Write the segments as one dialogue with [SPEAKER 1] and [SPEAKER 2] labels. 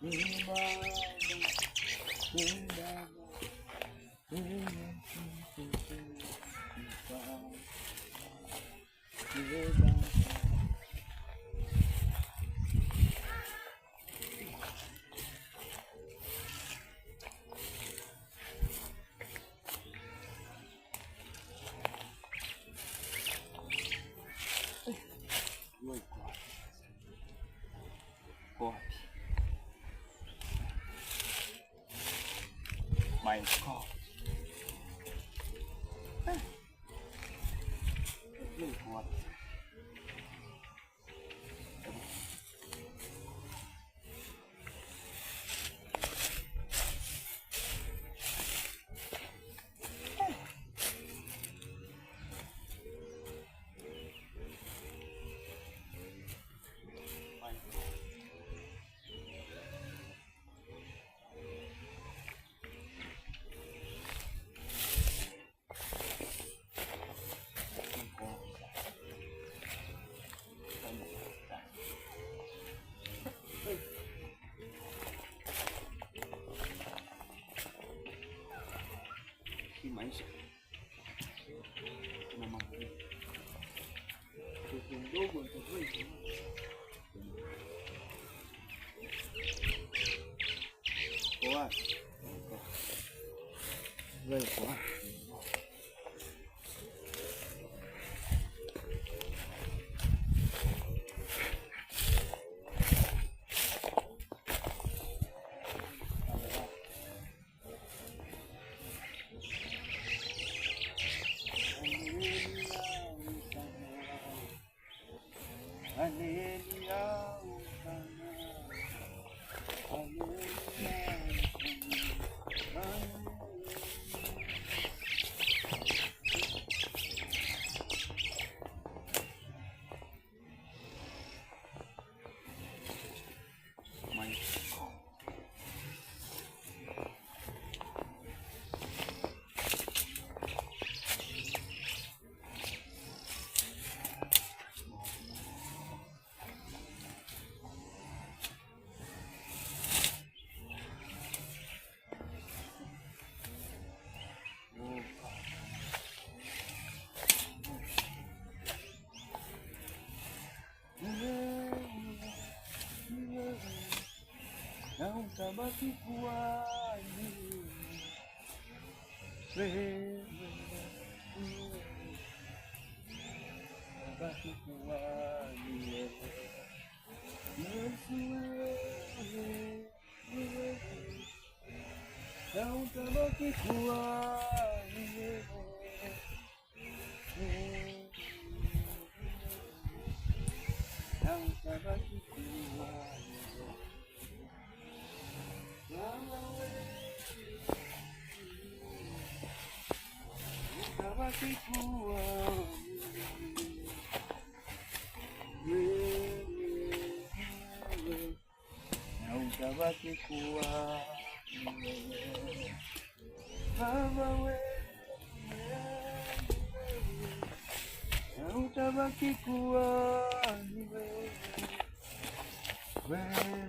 [SPEAKER 1] 你吗？你。call. Boa. Vai, boa. sama tujuanmu Sama tujuanmu Não tamo que cuar Não tamo na utabaki kuwa baba we utabaki kuwa wewe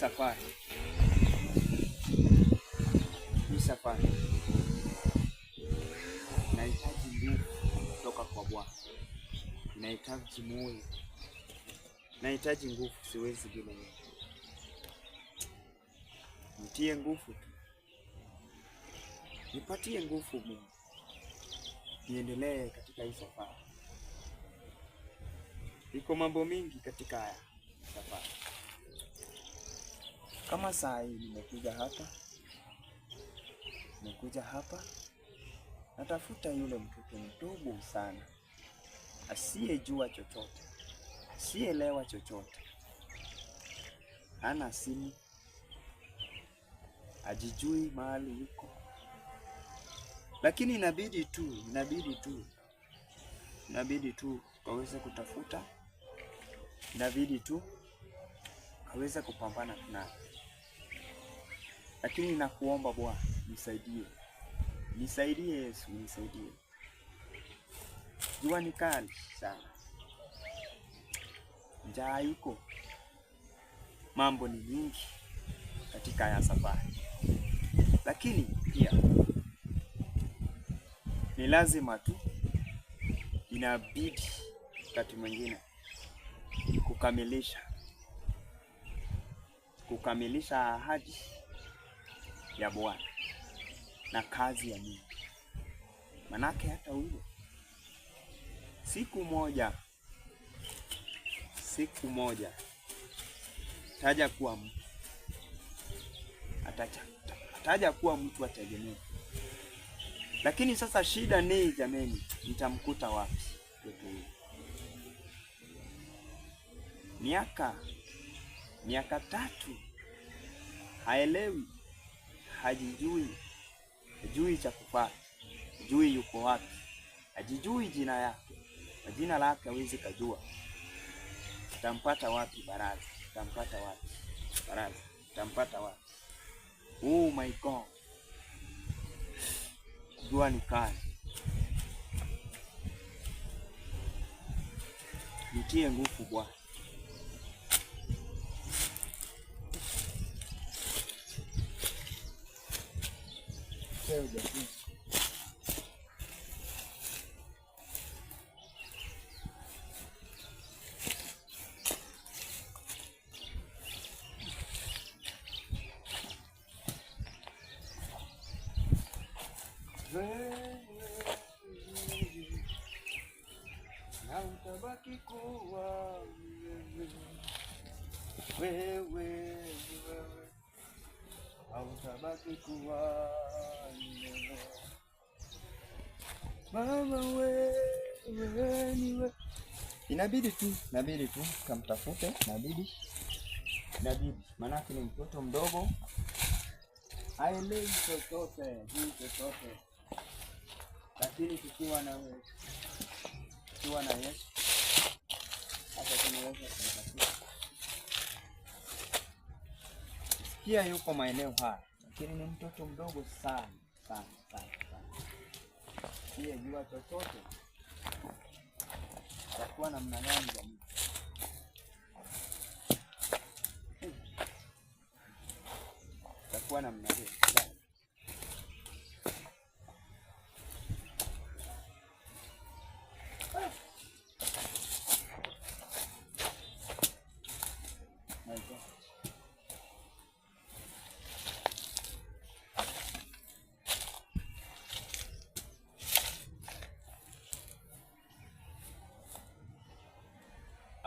[SPEAKER 1] safari hii safari nahitaji nguvu kutoka kwa Bwana, inahitaji moyo, nahitaji nguvu. Siwezi bila yeye, nitie nguvu tu, nipatie nguvu Mungu, niendelee katika hii safari. Iko mambo mingi katika haya safari kama saa hii nimekuja hapa, nimekuja hapa natafuta yule mtoto mdogo sana asiyejua chochote, asiyeelewa chochote, hana simu, ajijui mahali yuko, lakini inabidi tu, inabidi tu, inabidi tu kaweze kutafuta, inabidi tu kaweze kupambana naye lakini nakuomba Bwana nisaidie, nisaidie Yesu, nisaidie. Jua ni kali sana, njaa iko, mambo ni nyingi katika ya safari, lakini pia ni lazima tu, inabidi wakati mwingine kukamilisha kukamilisha ahadi ya Bwana na kazi ya Mungu. Manake hata huyo siku moja, siku moja taja kuwa mtu ataja, ataja kuwa mtu ategemea. Lakini sasa shida ni jameni, nitamkuta wapi mtu huyo? Miaka miaka tatu haelewi hajijui, hajui cha kufanya, hajui yuko wapi, hajijui jina yake na jina lake hawezi kajua. Utampata wapi baraza? Utampata wapi baraza? Utampata wapi? Oh my God, jua ni kali. Nitie nguvu Bwana. Deus, Deus. Mama wewe niwe, inabidi tu inabidi tu kamtafute, inabidi inabidi, maanake ni mtoto mdogo, aelewi chochote juu chochote, lakini tukiwa na wewe, tukiwa na Yesu hata tunaweza kumtafuta. Sikia, yuko maeneo haya lakini ni mtoto mdogo sana sana sana sana, si jua chochote takuwa namna gani za mtu. Takuwa namna hiyo.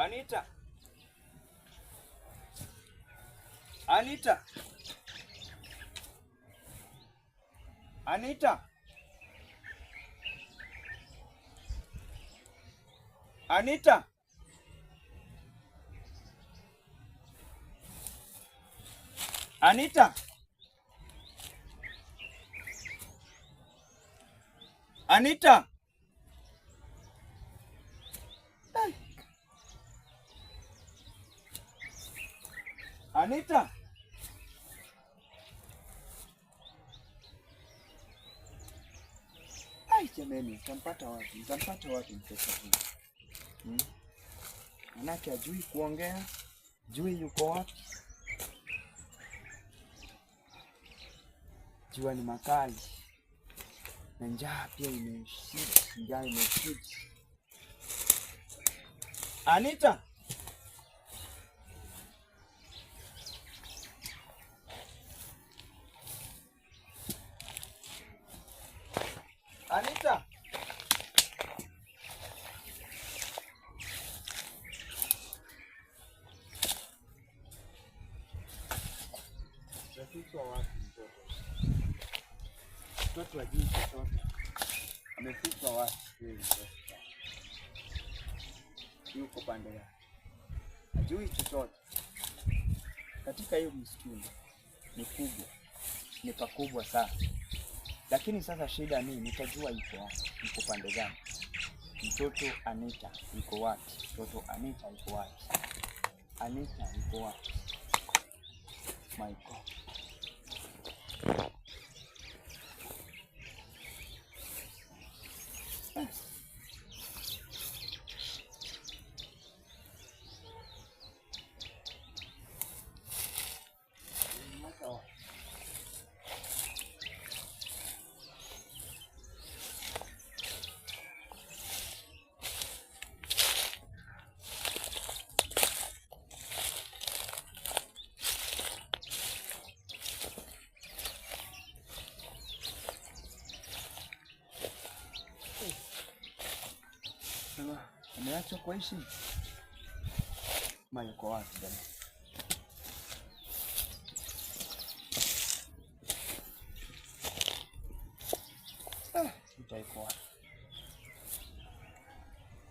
[SPEAKER 1] Anita, Anita, Anita, Anita. Anita. Anita. Anita. Ai, jameni, nitampata wapi? Nitampata wapi mtoto huyu? Hmm? Manake ajui kuongea, jui yuko wapi. Jua ni makali na njaa pia imeshika, njaa imeshika. Anita. yuko pande ya ajui chochote katika hiyo msituni. Ni kubwa, ni pakubwa sana, lakini sasa shida ni nitajua iko wapi, iko pande gani? Mtoto Anita iko wapi? Mtoto Anita iko wapi? Anita iko wapi? My God. nacho kuishi wapi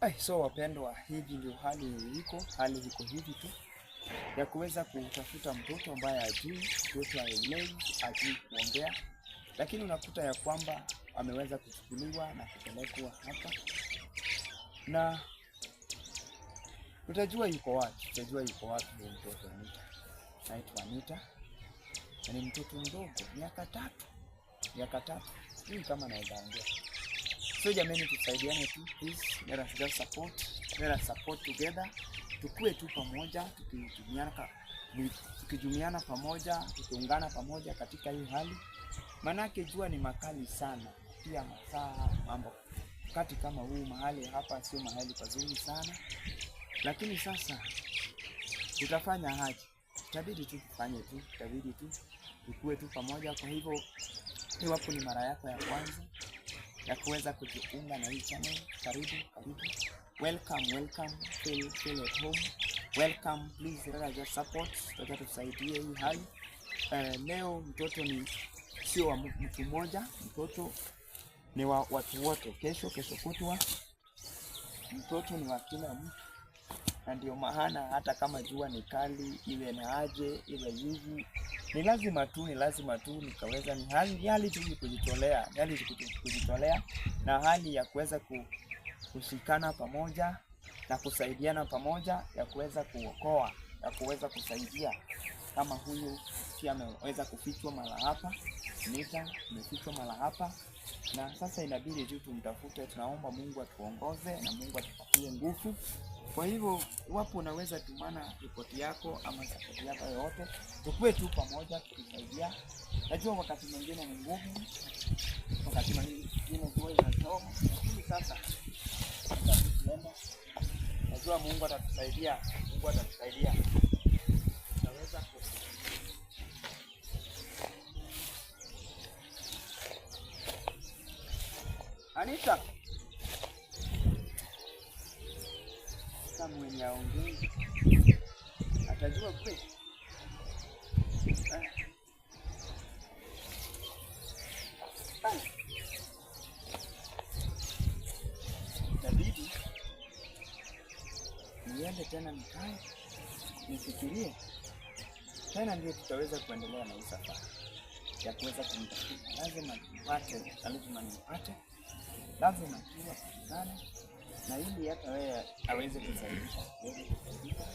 [SPEAKER 1] ah, So wapendwa, hivi ndio hali iko, hali iko hivi tu ya kuweza kutafuta mtoto ambaye ajui, mtoto aelei, ajui kuongea, lakini unakuta ya kwamba ameweza kuchukuliwa na kupelekwa hapa na utajua yuko wapi, utajua yuko wapi huyo mtoto Anita. Naitwa Anita na ni mtoto mdogo, miaka tatu, miaka tatu hii kama naweza ongea. So jamani, tusaidiane tu please, let us just support, let us support together, tukue tu pamoja, tukijumiana tukijumiana pamoja, tukiungana pamoja katika hii hali, manake jua ni makali sana, pia masaa mambo wakati kama huu mahali hapa sio mahali pazuri sana. Lakini sasa tutafanya haji, itabidi tu tufanye tu, itabidi tu tukue tu pamoja. Kwa hivyo, iwapo ni mara yako ya kwanza ya kuweza kujiunga na hii channel, karibu karibu, welcome welcome, feel feel at home, welcome please, rather rada support, tutaka tusaidie hii hali. Uh, leo mtoto ni sio wa mtu mmoja, mtoto ni wa watu wote. Kesho kesho kutwa mtoto ni wa kila mtu na ndio maana hata kama jua ni kali iwe na aje iwe hivi, ni lazima tu ni lazima tu nikaweza, ni hali hali tu kujitolea, ni hali kujitolea na hali ya kuweza kushikana pamoja na kusaidiana pamoja, ya kuweza kuokoa, ya kuweza kusaidia. Kama huyu pia ameweza kufichwa mara hapa, Nita amefichwa mara hapa, na sasa inabidi tu tumtafute. Tunaomba Mungu atuongoze na Mungu atupatie nguvu. Kwa hivyo wapo, unaweza tumana ripoti yako ama ripoti yako yoyote, tukue tu pamoja tukisaidia. Najua wakati mwingine ni ngumu, wakati mwingine jua inachoma, lakini sasa tutatuenda. Najua Mungu atatusaidia, Mungu atatusaidia, Anita. Anita niyaongeze, atajua kweli? Ah. Ah. Itabidi niende tena mikae nifikirie tena, ndio tutaweza kuendelea na hii safari ya kuweza kumtafuta. Lazima nipate, lazima nipate, lazima kiwa patikane na hii hata wewe aweze kusaidia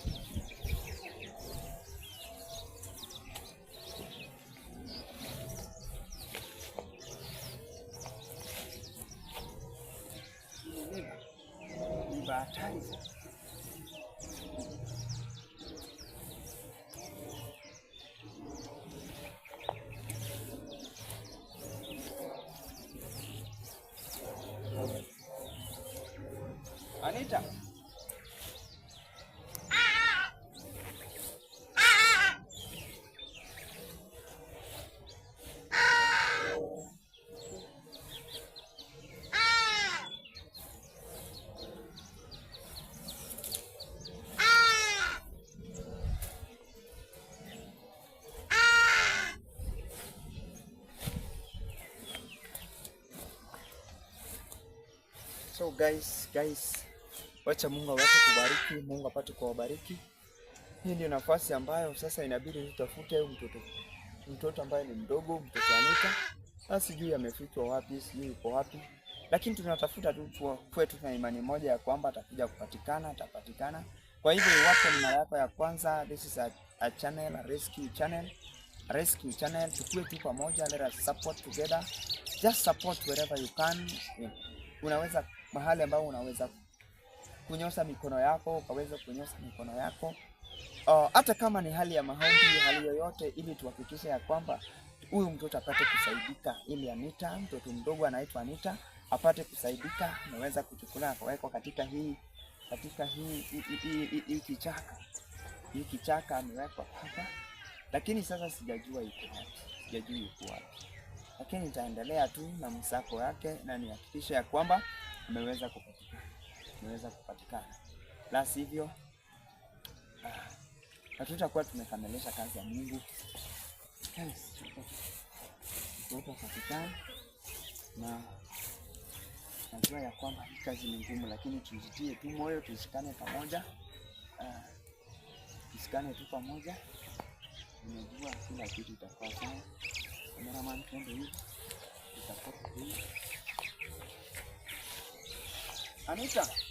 [SPEAKER 1] So guys, guys, Wacha Mungu aweze kubariki, Mungu apate kuwabariki. Hii ndio nafasi ambayo sasa inabidi tutafute mtoto mtoto ambaye ni mdogo, mtoto Anita. Sasa sijui amefikwa wapi, sijui yuko wapi, lakini tunatafuta tu kwetu, na imani moja ya kwamba atakuja kupatikana, atapatikana. Kwa hivyo iwapo ni mara yako ya kwanza, this is a, a channel, a rescue channel, a rescue channel. Tukue tu pamoja, let us support together, just support wherever you can. Unaweza mahali ambao unaweza kunyosha mikono yako, ukaweza kunyosha mikono yako uh, hata kama ni hali ya maombi, hali yoyote, ili tuhakikishe ya kwamba huyu mtoto apate kusaidika. Ili Anita, mtoto mdogo anaitwa Anita, apate kusaidika, naweza kuchukua akawekwa katika hii katika hii hii kichaka hii kichaka, amewekwa hapa, lakini sasa sijajua iko wapi, sijajui iko wapi, lakini nitaendelea tu na msako wake na nihakikishe ya kwamba ameweza kupata tunaweza kupatikana, la sivyo hatutakuwa ah, tumekamilisha kazi ya Mungu patikana. Na najua ya kwamba hii kazi ni ngumu, lakini tujitie tu moyo, tushikane pamoja, ah, tushikane tu pamoja. Unajua kila kitu itakuwa sawa. Kameraman, twende hivi Anita